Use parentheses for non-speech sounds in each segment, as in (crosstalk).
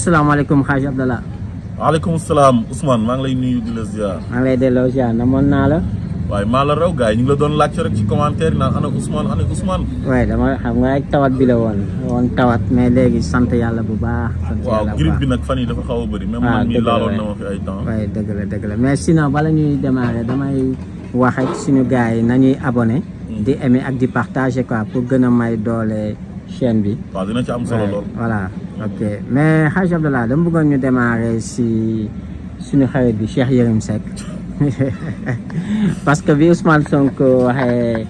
salaamaaleykum xaaj Abdallah waaleykum salaam Ousmane maa ngi lay nuyu di ziar. maa ngi lay delloo ziar namoon naa la. waaye maa la raw gars ñu la doon laajte rek ci commentaire yi naan ana Ousmane ana Ousmane. waaye dama xam nga tawat bi la woon woon tawat mais léegi sant yàlla bu baax. sant yàlla bu baax waaw grippe bi fan yi dafa xaw a bëri. waaw ah, dëgg la laaloon na ma fi ay temps. waaye dëgg la dëgg mais sinon bala ñuy démarrer damay wax ak suñu gars yi nañuy abonné. Hmm. di ak di partager gën a may doole. chaîne bi. waaw dina ci am solo lol voilà ok mais Hadj Abdallah dama bëggoon ñu démarrer si suñu xarit bi Cheikh Yérim sek (laughs) parce que bi Ousmane Sonko waxee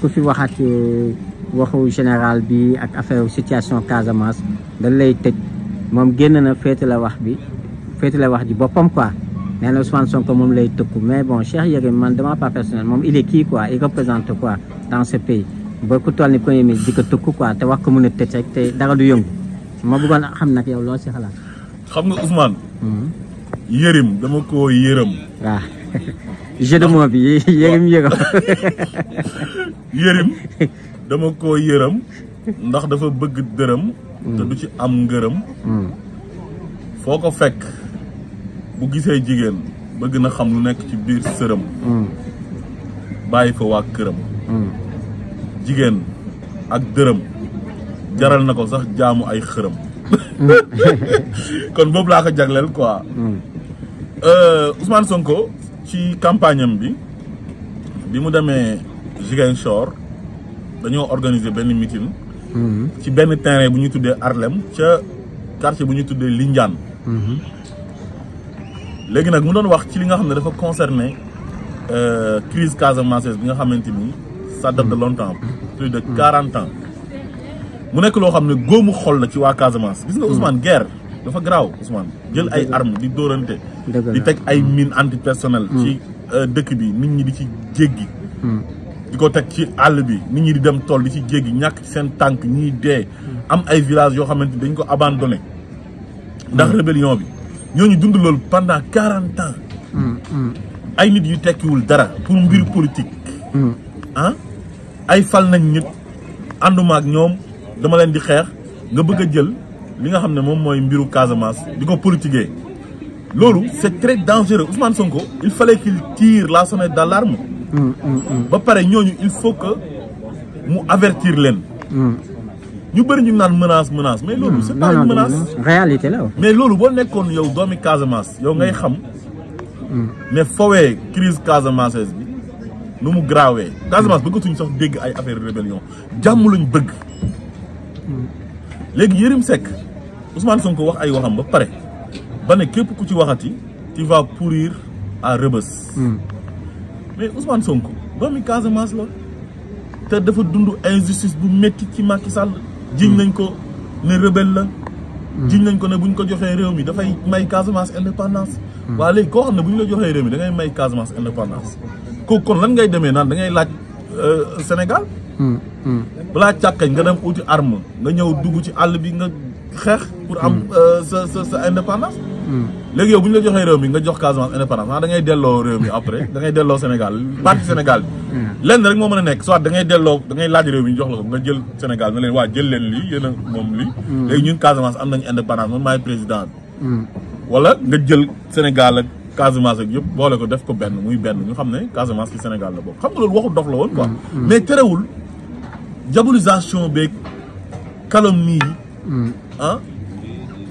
ku fi waxati waxu général bi ak affaire situation Casamance dañ lay tëj moom génn na féete la wax bi féete la wax ji boppam quoi nee na Ousmane Sonko moom lay tëkku mais bon Cheikh Yérim man dama pas personnel moom il est qui quoi il représente quoi dans ce pays. ba ku toll ni premier ministre di ko tëkk quoi te wax ko mën a tëj rek te dara du yëngu ma bëggoon xam nag yow loo si xalaat. xam nga Ousmane. Hmm. yërim dama ko yéram waaw ah. (laughs) jeu (laughs) ko yërëm ndax dafa bëgg dërëm. te du ci am ngërëm. Hmm. foo ko fekk bu gisee jigéen bëgg na xam lu nekk ci biir sërëm. Hmm. bàyyi fa waa këram. jigéen ak dërëm jaral na ko sax jaamu ay xërëm mm. (laughs) kon boobu laa ko jagleel quoi mm. euh, Ousmane Sonko ci campagne bi bi mu demee jigéen Ziguinchor dañoo organiser benn meeting mm-hmm. ci benn terrain bu ñu tuddee Arlem ca quartier bu ñu tuddee Lindiane mm-hmm. léegi nag mu doon wax ci li nga xam ne dafa concerné euh, crise casamançaise bi nga xamante nii ça date de hmm. longtemps hmm. plus de hmm. quarante ans mu nekk loo xam ne góomu xol la ci waa Casamance gis nga Ousmane guerre dafa garaaw Ousmane jël ay arm di dóorante di teg ay mine antipersonnel ci euh, dëkk bi nit ñi di ci jéggi di ko teg ci àll bi nit ñi di dem tool di ci jéggi ñàkk ci seen tànk ñiy dee am ay village yoo xamante dañ ko abandonné ndax rébellion bi ñooñu dund loolu pendant quarante ans ay nit yu tekkiwul dara pour mbir politique ah? ay fal nañ nit ànduma ak ñoom dama leen di xeex nga bëgg jël li nga xamne mom moy mbiru Casamance diko politiquer lolu c'est très dangereux Ousmane Sonko il fallait qu'il tire la sonnette d'alarme ba paré ñoñu il faut que mu avertir leen ñu bëri ñu nane menace menace mais lolu c'est pas une menace réalité là mais lolu bo nekkoon yow domi Casamance yow ngay mm. xam mm. mais fowee crise Casamance bi lu mu garaawee Casamance bëggatuñ sax dégg ay affaire rébellion jàmm lañ bëgg léegi Yérim Seck usmaan Sonko wax ay waxam ba pare ba ne képp ku ci waxati tu vas pourrir à Rebeuss hmm. mais sonk Sonko doomi Casamance la te dafa dund injustice bu métti ci Macky Sall jiñ hmm. nañ ko ne rebelle la jiñ nañ ko ne bu ñu ko joxee réew mi dafay may Casamance indépendance waa léegi koo xam ne bu ñu la joxee réew mi dangay ngay may Casamance indépendance kooku kon lan ngay deme naan da ngay laaj euh, Sénégal hmm, hmm. balaa càkkañ nga dem uti arme nga ñëw dugg ci àll bi nga xeex pour am hmm. euh, sa sa sa léegi yow bu ñu la joxee réew mi nga jox Casamance indépendance ah da ngay delloo réew mi après da ngay delloo Sénégal parti Sénégal bi hmm. lenn rek moo mën a nekk soit da ngay delloo dangay laaj réew mi ñu jox la ko nga jël Sénégal na leen waa jël leen lii yéen a moom lii hmm. léegi ñun Casamance am nañ indépendance man maay président bi hmm. wala nga jël Sénégal ak Casamance yëpp boole ko def ko benn muy benn ñu xam ne Casamance ci Sénégal la bokk xam nga l waxu dof la woon quoi mais terewul diabolisation beeg calomnie yi ah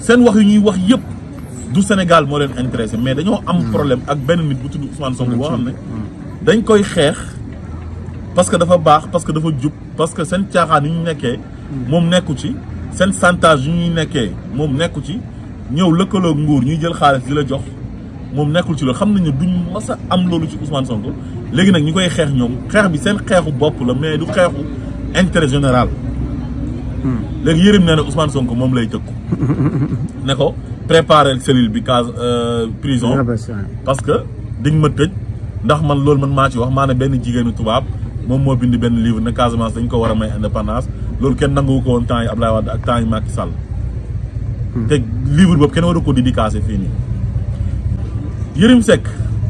C'est wax yu ñuy wax du Sénégal mo leen intéressé mais dañoo am hmm. problème ak benn nit bu tudd Ousmane Sonko boo xam hmm. Hmm. dañ koy xeex parce que dafa parce que dafa parce que seen caaxaan yu ñu nekkee moom nekku ci ñuy nekkee moom nekku ci ñëw nguur ñuy jël xaalis di jox moom nekkul ci loolu xam nañu duñ mas am loolu ci Ousmane Sonko léegi nag ñu koy xeex ñoom bi seen xeexu la mais du intérêt général Hmm. léegi yërëm nee na Ousmane Sonko moom lay tekk (laughs) ne ko préparer cellule bi case euh, prison ah, parce que diñ ma tejj ndax man lool man ma ci wax mané ben jigéenu tubab moom mo bind ben livre ne casement dañ ko wara may indépendance lool kenn nangou ko won temps yi Abdoulaye Wade ak temps yi Macky Sall hmm. te livre boobu kenn wara ko dédicacer fini nii Yërim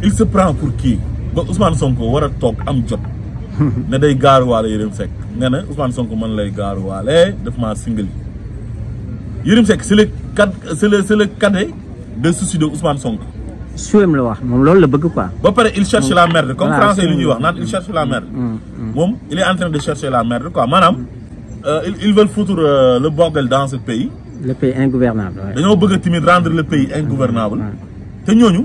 il se prend pour qui ba Ousmane Sonko wara tok am jot ne day gaaruwaale Yërim Seck nee na Ousmane Sonko man lay gaaruwaale def ma single Yërim Seck c'est le cad c'est le c'est le cadet de souci de Ousmane Sonko. suweem la wax mom loolu la bëgg quoi. ba paré il cherche la merde comme français li ñuy wax naan il cherche la merde. mom mm, mm, mm. il est en train de chercher la merde quoi manam euh, ils veulent foutre euh, le bordel dans ce pays. le pays ingouvernable. dañoo bëgg timit rendre le pays ingouvernable. te ñooñu.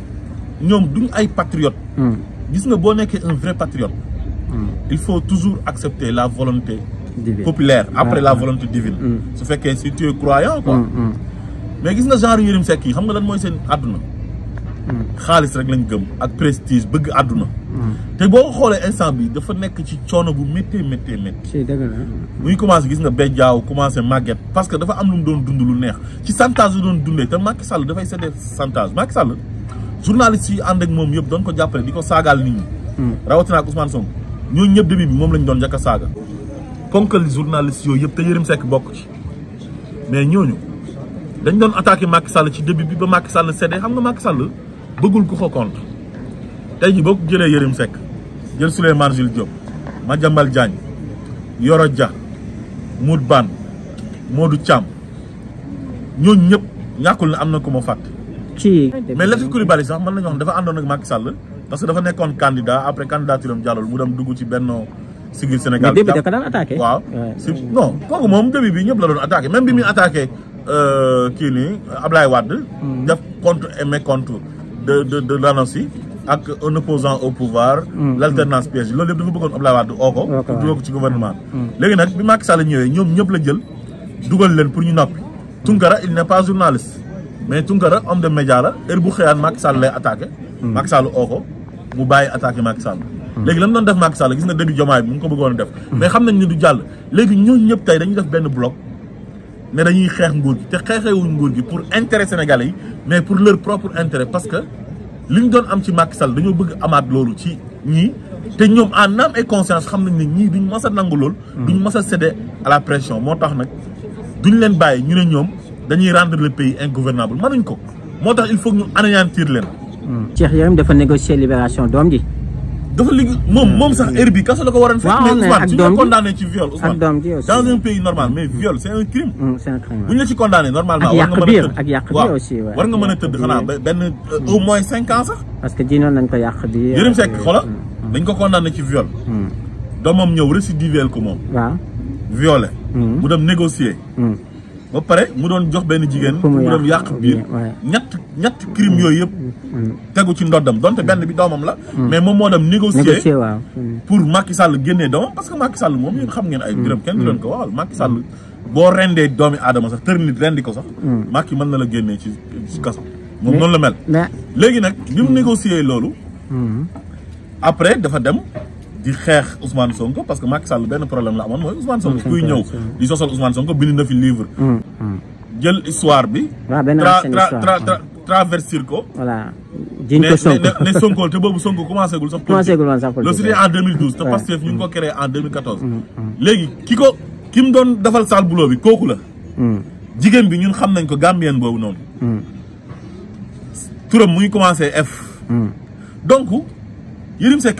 ñom duñ ay patriotes. Hmm. gis nga bo nekkee un vrai patriote. Hmm. il faut toujours accepter la volonté. divine populaire après ah, la ah. volonté divine. Hmm. su que si tu es croyant quoi. mais gis nga genre Yérim Seck xam nga lan mooy seen àdduna. xaalis rek lañ gëm ak prestige bëgg aduna te boo ko xoolee instant bi dafa nekk ci choono bu méttee méttee méttee. muy commencé gis nga bejjaaw commencé màgget parce que dafa am lu doon dund lu neex ci santage doon dundé té Macky Sall dafay séddee santage Macky Sall. journaliste yi ànd ak moom yëpp doon ko jàppale di ko saagaal nit ñi. Hmm. rawatina ak Ousmane ñooñu ñëpp début bi moom lañ doon njëkk a saaga. ponkal journaliste yooyu yëpp te Yérim Seck bokk ci mais ñooñu dañ doon attaqué Macky Sall ci début bi ba Macky Sall séddee xam nga Macky Sall bëggul ko ko contre tey ji boo ko jëlee Yérim Seck jël Souleymane Jules Diop Madiambal Diagne Yoro ja Mout Ban Modou Thiam ñooñu ñëpp ñàkkul ne am na ku ma fàtt ci mais Latif Coulibaly sax mën nañu wax dafa àndoon ak Macky Sall parce que dafa nekkoon candidat après candidature am mu dem dugg ci benn sigil Sénégal mais début da ko daan attaqué waaw si non kooku moom début bi ñëpp la doon attaqué bi muy attaqué euh, kii nii Ablaye Wade mm. def contre et mécontre de de de l'annonce yi ak un opposant au pouvoir mm. l'alternance piège loolu yëpp dafa bëggoon Ablaye Wade oo ko pour ci gouvernement mm. léegi nag bi Macky Sall ñëwee ñoom ñëpp la jël dugal leen pour ñu noppi Tunkara il n'est pas journaliste mais Tounkara homme de média la heure bu xëyaan Macky Sall lay attaqué. Hmm. Macky Sall oo ko mu bàyyi attaque Macky Sall. Hmm. léegi lan doon def Macky Sall gis na dëgg jomaay bi mu ngi ko bëggoon def. Hmm. mais xam nañ ne du jàll léegi ñooñu ñëpp tey dañuy def benn bloc ne dañuy xeex nguur gi te xeexeewuñ nguur gi pour intérêt sénégalais yi mais pour leur propre intérêt parce que li ñu doon am ci Macky Sall dañoo bëgg amaat loolu ci ñii te ñoom en âme et conscience xam nañ ne ñii duñ mës a nangu lool. duñ mës a cédé la pression moo tax nag duñ leen bàyyi ñu ne ñoom dañuy rendre le pays ingouvernable manuñ ko motax il faut ñu anéantir leen. Hmm. Cheikh yaram dafa négocier libération doom ji. dafa ligg mom hmm. moom sax heure bi kaso la ko waroon mais Ousmane su condamné ci viol. Ousmane dans un pays normal mais hmm. viol c'est un crime. c'est un crime buñ la ci condamné normalement. war nga mëna a ak yàq biir aussi war nga mëna teud tëdd ben au moins 5 ans sax. parce que jiinoon nañ ko yàq biir. Yérim sék xoola dañ ko condamné ci viol. doomam ñëw récidivé ko mom waaw violé. mu dem négocier. ba pare mu doon jox benn jigéen mu doon yàq biir mm, ñett ñett crime yooyu yëpp mm. tegu ci ndoddam donte benn bi doomam la mm. mais moom moo dem négocier pour Macky sàll génnee doomam parce que Macky Sall moom yéen xam ngeen ay mbiram kenn du ko waxal Macky Sall boo rendee doomi aadama sax tër nit rendi ko sax Macky mën na la génnee ci ci kaso moom noonu la mel léegi nag bi mu négocier loolu après dafa dem di xex Ousmane Sonko parce que Macky Sall benn problème la amone mooy Ousmane Sonko kuy ñëw di sosal Ousmane Sonko bind na fi livre hmm. jël histoire bi traverser ko voilà jiñ ko Sonko ne Sonko te bobu Sonko commencé gul sax commencé gul woon sax loolu c'était en 2012 te Pastef ñu ko hmm. créé en 2014 légui kiko kim don mu doon defal sale boulot bi kooku la hmm. jigéen bi ñun xam nañ ko Gambien boobu noonu turam muy commencé F donc Yérim sek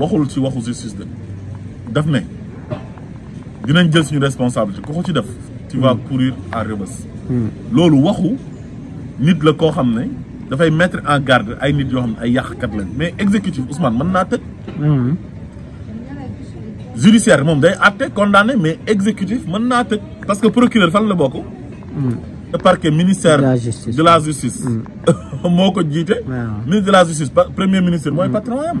waxul ci waxu justice de daf ne dinañ jël suñu responsabilité ko ko ci def tu vas hmm. courir à Rebeuss hmm. lolu waxu nit la ko xam da fay mettre en garde ay nit yo xam ne ay yàqkat lañ mais exécutif Ousmane mën naa tëj hmm. judiciaire moom day àtte condamné mais exécutif mën naa tëj parce que procureur fan la bokku te parquet ministère de la justice (laughs) moko jité ministre de la justice premier ministre moy patron yam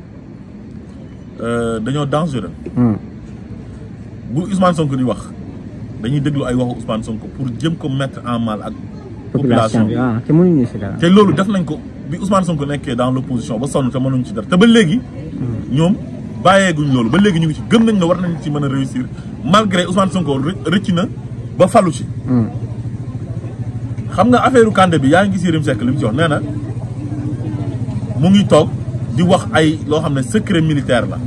Euh, dañoo dangereux. Hmm. bu Ousmane Sonko di wax dañuy déglu ay waxu Ousmane Sonko pour jëm ko mettre en mal ak. population bi ah, te mënuñu si te loolu def nañ ko bi Ousmane Sonko nekkee dans l' opposition ba sonn te mënuñu ci dara te ba léegi. Hmm. ñoom bàyyeeguñ loolu ba léegi ñu ngi ci gëm nañ ne war nañ ci mën a réussir malgré Ousmane Sonko rëcc na ba falu ci. Hmm. xam nga affaire Kandé bi yaa ngi gis Yérim li mu ci wax nee na mu ngi toog. di wax ay loo xam ne secret militaire la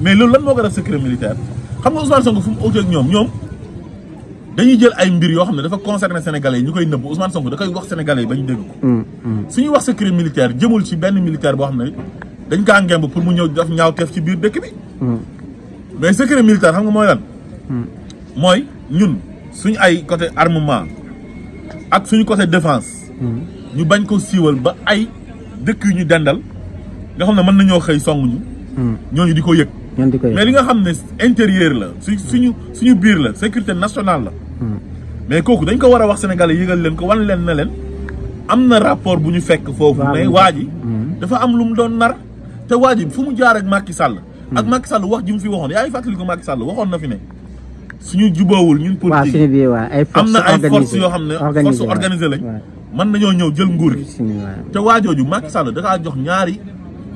mais loolu lan moo ko def secret militaire xam nga Ousmane Sonko fu mu uteeg ñoom ñoom dañuy jël ay mbir yoo xam ne dafa concerné sénégale yi ñu koy nëbb Ousmane Sonko da koy wax sénégalais yi ba ñu dégg ko mm, mm. suñuy wax secret militaire jëmul ci benn militaire boo xam ne dañ kaa ngemb pour mu ñëw def ñaawteef ci biir dëkk bi mm. mais secret militaire xam nga mooy lan mooy ñun suñu ay côté armement ak suñu côté défense ñu bañ ko siiwal ba ay dëkk yu ñu dendal nga xam ne mën nañoo xëy ñoo ñu hmm. di ko yëg. mais li nga xam ne intérieur la su hmm. suñu suñu biir la sécurité national la. Hmm. mais kooku dañ ko war a wax yi yëgal leen ko wan leen na leen am na rapport bu ñu fekk foofu. mais waa ji dafa am lu mu doon nar. te waaj ji fu mu jaar ak Macky Sall. ak Macky Sall wax ji mu fi waxoon yaa ngi fàttali ko Macky Sall waxoon na fi ne. suñu jubóowul ñun pour politique am na ay force yoo xam ne force organisée lañ. mën nañoo ñëw jël nguur gi. te waajooju Macky Sall dafa jox ñaari.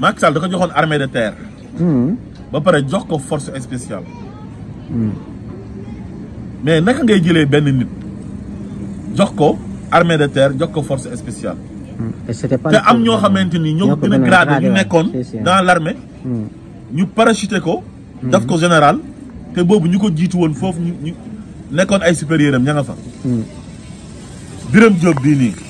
Macky Sall da ko joxoon armée de terre. Hmm. ba pare jox ko force spéciale. Hmm. mais naka ngay jëlee benn nit jox ko armée de terre jox ko force spéciale. Hmm. te am ñoo xamante ni ñoo gën a grade ñu nekkoon dans l'armée. armée. ñu parachuté ko. daf ko général te boobu ñu ko jiitu woon foofu ñu ñu nekkoon ay supérieur am ña nga fa. Birame Diop bii nii.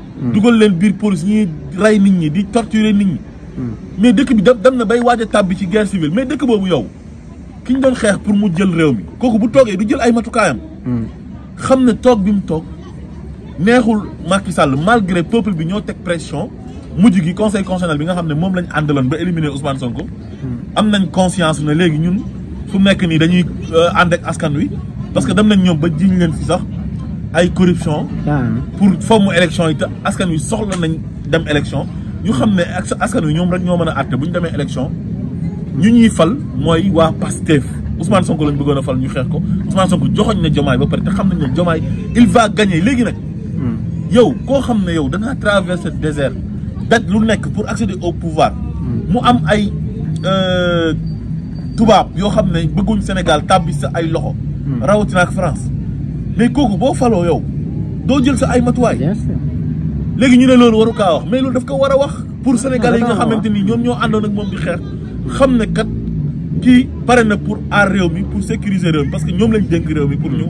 Hmm. dugal leen biir police ñuy ray nit ñi di torturer nit ñi. Hmm. mais dëkk bi dem na bay guerre civile mais dëkk boobu yow ki ñu doon pour mu jël réew mi kooku bu toogee du jël ay matukaayam. Hmm. xam ne bi mu toog neexul malgré peuple bi ñoo pression mujj gi conseil constitutionnel bi nga lañ ba éliminer Ousmane Sonko. am nañ conscience ne léegi ñun fu nekk nii dañuy euh, ànd askan wi parce que nañ ay corruption. pour une élection askan nous nañ dem élection ñu xam askan nous rek ñoo a élection ñu ñuy fal Pastef Ousmane Sonko lañ y a fal ñu xex ko Ousmane Sonko joxoñ na ba paré té xam nañ il va gagner légui nak hmm. yow ko xam yow da désert lu nekk pour accéder au pouvoir. Hmm. mu am ay euh, xam bëgguñ Sénégal tabiss ay loxo. Hmm. France. mais kooku boo faloo yow doo jël sa ay matuwaay. léegi ñu ne loolu waru kaa wax mais loolu daf ko war a wax. pour sénégalais yi nga xamante ni ñoom ñoo àndoon ak moom di xeex. xam ne kat kii pare na pour aar réew mi pour sécuriser réew mi parce que ñoom lañ dénk réew mi pour ñu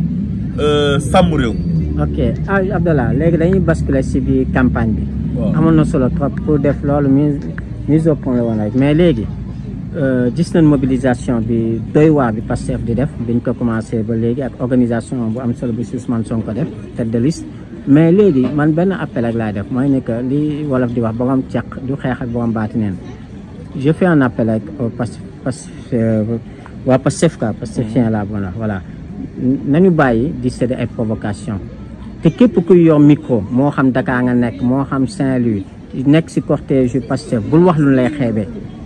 euh, sàmm réew mi. ok ah, Abdallah léegi dañuy basculer si biir campagne bi. amoon na solo trop pour def loolu mise mise au point la woon rek mais léegi. Euh, gis nañ mobilisation bi doy waar bi Pastef di def biñ ko commencé ba léegi ak organisation bu am solo bu Ousmane Sonko def tête de liste mais léegi man benn appel ak laay def mooy ne que li wolof di wax ba borom càq du xeex ak borom baati neen je fais un appel ak pas pas waa Pastef quoi Pastefien la bon voilà nañu bàyyi di séddee ay provocation te képp kuy yor micro moo xam Dakar nga nekk moo xam Saint-Louis nekk si cortège yu Pastef bul wax lu lay xeebee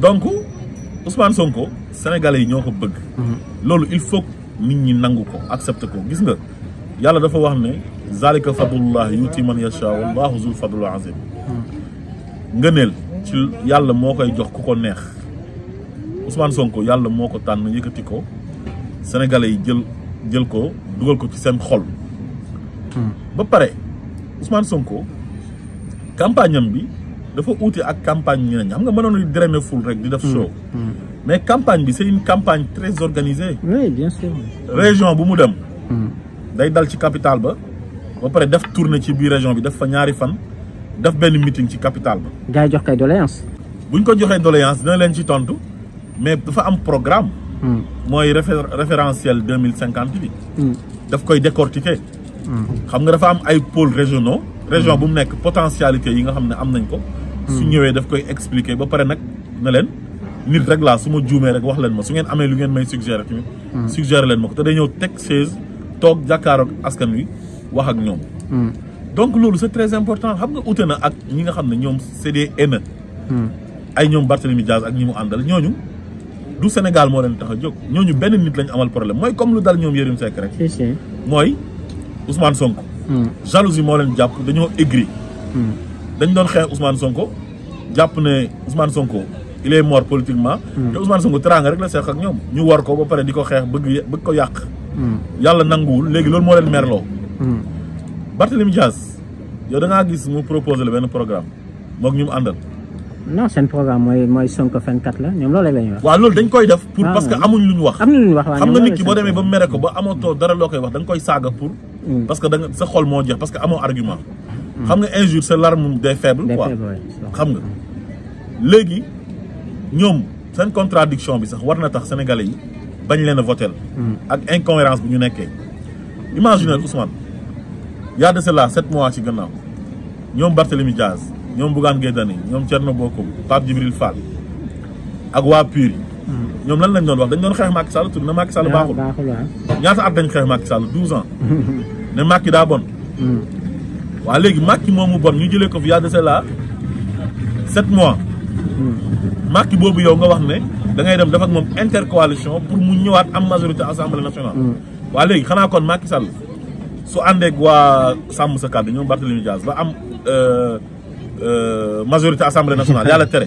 donc Ousmane Sonko sénégalais yi ñoo ko bëgg. Mhm. loolu il faut nit ñi nangu ko accepté ko gis nga yàlla dafa wax ne. zalika fadlullah yuti man yasha wallahu zul fadlul azim mhm. ngëneel ci yàlla moo koy jox ku ko neex Ousmane Sonko yàlla moo ko tànn yëkkati ko sénégalais yi jël jël ko dugal ko ci seen xol. Mhm. ba pare Ousmane Sonko campagne bi. dafa uute ak campagne ñeneen ñi xam nga mënoon drainer foule rek di def show mm, mm. mais campagne bi c'est une campagne très organisée oui bien sûr région bu mu dem mm. day dal ci capitale ba ba pare def tournée ci biir région bi def fa ñaari fan def benn meeting ci capitale ba gars yi jox kay doléance bu ñu ko joxee doléance dina leen ci tontu mais dafa am programme mooy référentiel 2050. mille cinquante bi daf koy décortiquer xam nga dafa am ay pôles régionaux région bu mu nekk potentialité yi nga xam ne am nañ ko su ñëwee daf koy expliquer ba pare nag na leen nit rek laa su ma juumee rek wax leen ma su ngeen amee lu ngeen may suggéré tamit hmm. suggéré leen ma ko te day teg chaise toog jàkkaaroog askan wi wax ak ñoom hmm. donc loolu c'est très important xam nga ute na ak ñi nga xam ne ñoom c'est des haineux hmm. ay ñoom Barthélemy Diaz ak ñi mu àndal ñooñu du Sénégal moo leen tax a jóg ñooñu benn nit lañu amal problème mooy comme lu dal ñoom Yérim Seck rek mooy Ousmane Sonko jalousie moo leen jàpp dañoo aigri dañ doon xeex Ousmane Sonko japp ne Ousmane Sonko il est mort politiquement. Hmm. te Ousmane Sonko teranga rek la seex ak ñom ñu war ko ba paré diko ko bëgg bëgg ko yàq. Hmm. yalla nangul légui lool mo leen merloo. Hmm. Barthélemy Diaz yow da nga gis mu proposé le benn programme mok ñum andal àndal. non seen programme moy mooy Sonko 24 la ñom loolu la ñuy wax. wa lool dañ koy def. pour ah, parce que amuñ luñ wax. amuñ luñ wax xam nga nit ki bo démé ba méré ko ba amoto dara loo koy wax da koy saga pour. parce que da nga sa xol mo jeex parce que amoo argument xam nga injure c'est l'arme des faibles quoi xam nga contradiction bi sax tax sénégalais yi a hmm. incohérence imaginez Ousmane y a de cela 7 mois ci gannaaw Barthélémy Diaz Bougane Gueye Thierno Pape Djibril Fall ak hmm. lan lañ doon wax dañ doon Macky Sall na Macky Sall baaxul ah. dañ Macky Sall 12 ans (laughs) ne Macky waa léegi Macky moomu bon ñu jëlee ko fi y a de mois Macky boobu yow nga wax ne da ngay dem def ak moom intercoalition pour mu ñëwaat am majorité assemblée nationale hmm. waa léegi xanaa kon Macky Sall su àndee waa sàmm sa kàddu ñoom Barthélémy Dias ba am euh, euh, majorité assemblée nationale yàlla tere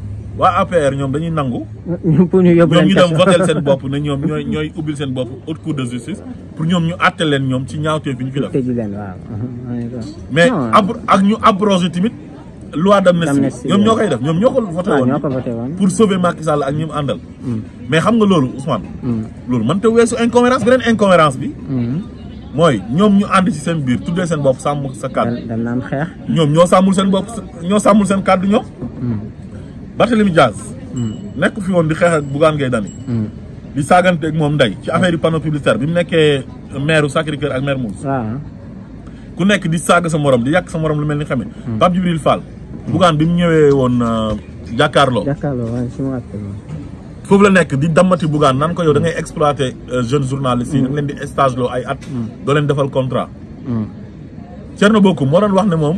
waa APR ñoom dañuy nangu. (laughs) pour ñu yóbbu leen dem votel seen bopp (laughs) ne ñoom ñooy ñooy ubbil seen bopp haute cour de justice pour ñoom ñu àtte leen ñoom ci ñaawtee bi ñu fi def. tëj leen (laughs) ak ñu abrogé tamit loi d'amnistie ñoom ñoo koy def ñoom ñoo ko voté woon pour sauver Macky Sall ak ñi mu àndal. Mm. mais xam nga loolu Ousmane. Mm. loolu mën te weesu incohérence beneen incohérence bi. Mm. mooy ñoom ñu ànd ci seen biir tuddee seen bopp sàmm sa kàddu. dañ naan xeex. ñoom ñoo sammul seen bopp ñoo sàmmul seen kàddu ñoom. Barthélemy Diaz nekk fi woon di xeex ak Bougane Gueye di hmm. di saaganteeg moom nday ci affaire yu panneau publicitaire bi mu nekkee maire Sacré-Cœur ak maire Mousse ah. ku nekk di saaga sa morom di yàq sa morom lu mel ni xamee hmm. Pape Djibril Fall Bougane bi mu ñëwee woon euh, jàkkaarloo foofu la nekk di dammati Bougane naan ko yow da ngay exploité euh, jeune journaliste yi hmm. da leen di stage ay at doo leen defal contrat Thierno Bocoum moo doon wax ne moom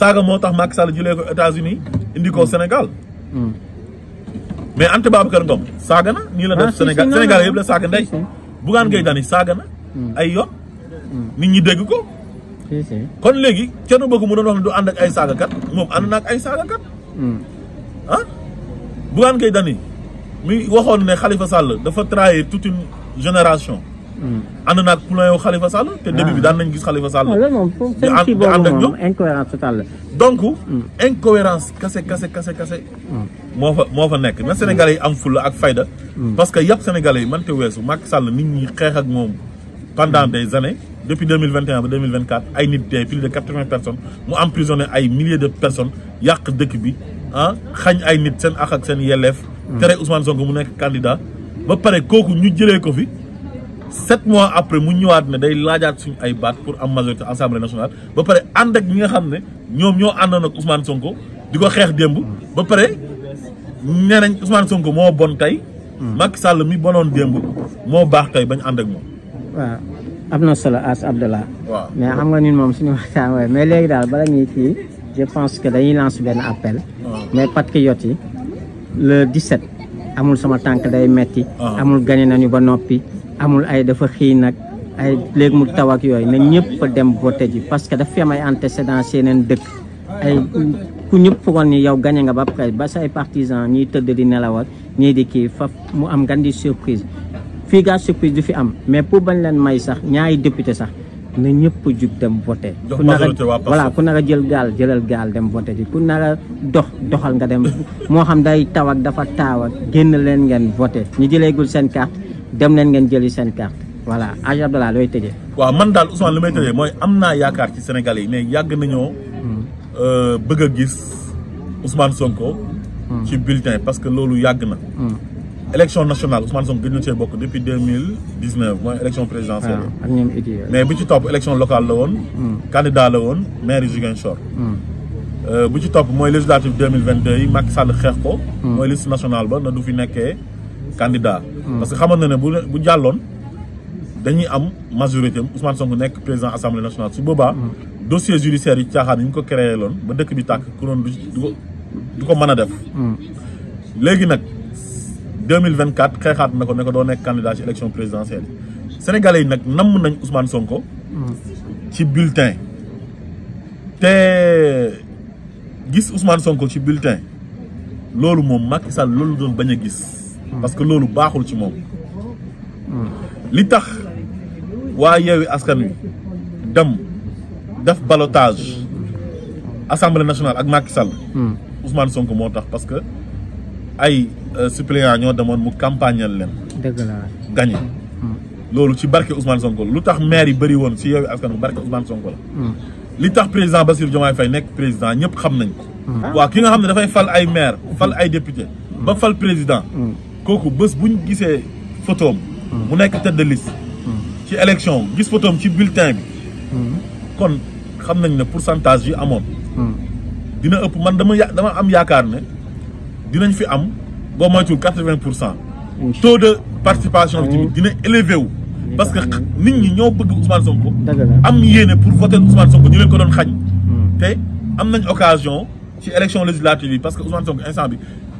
saaga moo tax Macky Sall jëlee ko États-Unis indi ko Sénégal. Hmm. mais Anta Babacar Ngom saaga na. nii la ah, def Sénégal Sénégal yëpp la saaga ndey. Bougane Gueye hmm. Dany saaga na. Hmm. ay yoon. nit ñi dégg ko. kon léegi kenn bëgg mu doon wax ne du ànd ak ay saagakat moom ànd na ak ay saagakat. ah Bougane Gueye Dany mi waxoon ne Khalifa Sall dafa trahir tout une génération. Hmm. ànd naag des Khalifa Sall. ont ah. début bi Khalifa Sall. Ah, incohérence totale donc. Hmm. incohérence Donc, l'incohérence casse casse Sénégalais am hmm. parce que les Sénégalais Sall pendant des années. depuis 2021 à 2024 ay nit plus de 80 personnes mu emprisonné des milliers de personnes de dëkk bi ah xañ ay ont été ak ak Ousmane Sonko mu candidat ba été ñu ko fi. 7 mois après mu ñëwaat ne day laajaat suñu ay baat pour am majorité assemblée nationale ba pare ànd ak ñi nga xam ne ñoom ñoo àndoon ak Ousmane Sonko di ko xeex démb ba pare nee nañ Ousmane Sonko moo bon tey. Hmm. Macky Sall mi bonoon démb moo baax tey bañ ànd ak moom. waaw am na solo as Abdallah. waaw mais xam nga ñun moom suñu waxtaan waaye mais léegi daal bala ñuy kii je pense que dañuy lancer benn appel. mais pat patriotes yi le 17 amul sama tànk day metti ah. amul gagné nañu ba noppi. amul ay dafa xii nag ay léegi mu taw ak yooyu na ñëpp dem voté ji parce que daf fi am ay yeneen dëkk ay ku ñëpp fogoon ni yow gañe nga ba pare ba say partisan ñiy tëdd di nelaw ak ñii di kii fa mu am gan di surprise fii gaa surprise du fi am mais pour bañ leen may sax ñaari député sax na ñëpp jug dem voté ku nar a voilà ku nar a jël gaal jëlal gaal dem voté ji ku nar a dox doxal nga dem moo xam day taw dafa taaw ak génn leen ngeen voté ñu jëleegul seen carte dem leen ngeen jëli sen carte voilà Hadj Abdallah loy tëjee. wa man dal Ousmane li may tëjee mooy am naa ci Sénégalais mais yag yàgg hmm. euh bëgg gis Ousmane Sonko. Hmm. ci bulletin parce que lolu yag na. Hmm. élection nationale Ousmane Sonko gëj na bok depuis 2019, mille élection présidentielle. Ah, mais bu ci top élection locale la won candidat la won maire euh bu ci top, moy législative 2022 mille yi Macky Sall xeex ko. moy liste nationale ba na du fi nekkee. candidat hmm. parce que xamoon na ne bu bu jàlloon dañuy am majorité am Ousmane Sonko nekk président assemblée nationale su booba hmm. dossier judiciaire yi caaxaan yi ñu ko créé loon ba dëkk bi tàkk ku doon du ko mën a def hmm. léegi nag 2024 xeexaat na ko nekk doo nekk candidat ci élection présidentielle sénégalais yi nag namm nañ Ousmane Sonko ci bulletin te gis Ousmane Sonko ci bulletin loolu moom mag Sall loolu doon bañ a gis parce que lolu baxul ci mom li tax wa yeewi askan wi dem daf balotage assemblée nationale ak Macky Ousmane Sonko motax parce que ay euh, suppléants ñoo demone mu campagnal leen deug la gagné mm. loolu ci barké Ousmane Sonko lutax maire yi bari won si yeewi askan wi Ousmane Sonko la mm. li tax président Bassir Diomaye Faye nek président ñëpp xam nañ ko mm. wa ki nga xam da fay fal ay maire fal ay député ba fal président kooku bés bu ñu gisee photoom mu nekk tête de liste hmm. ci élection gis photo ci bulletin bi hmm. kon xam nañ ne pourcentage yi amoon hmm. dina ëpp man dama dama am yaakaar ne dinañ fi am boo moytuwul quatre-vingt pour cent taux de participation bi tamit dina élevé wu parce que nit ñi ñoo bëgg Ousmane Sonko am yéene pour voter Ousmane Sonko ñu leen ko doon xañ te am nañ occasion ci élection législative yi parce que Ousmane Sonko instant bi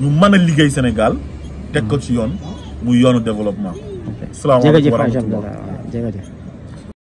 ñu mën a liggéey Sénégal. teg ko ci yoon muy yoonu développement. salaamaaleykum wa rahmatulah jërëjëf